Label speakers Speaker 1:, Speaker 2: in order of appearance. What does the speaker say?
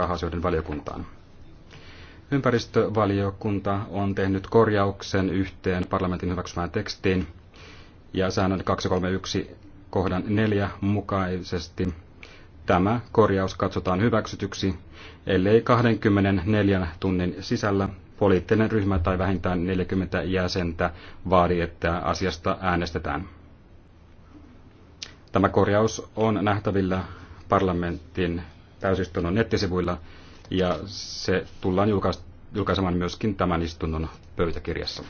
Speaker 1: rahasioiden valiokuntaan. Ympäristövaliokunta on tehnyt korjauksen yhteen parlamentin hyväksymään tekstiin ja säännön 231 kohdan 4 mukaisesti tämä korjaus katsotaan hyväksytyksi, ellei 24 tunnin sisällä poliittinen ryhmä tai vähintään 40 jäsentä vaadi, että asiasta äänestetään. Tämä korjaus on nähtävillä parlamentin täysistunnon nettisivuilla ja se tullaan julkaisemaan myöskin tämän istunnon pöytäkirjassa.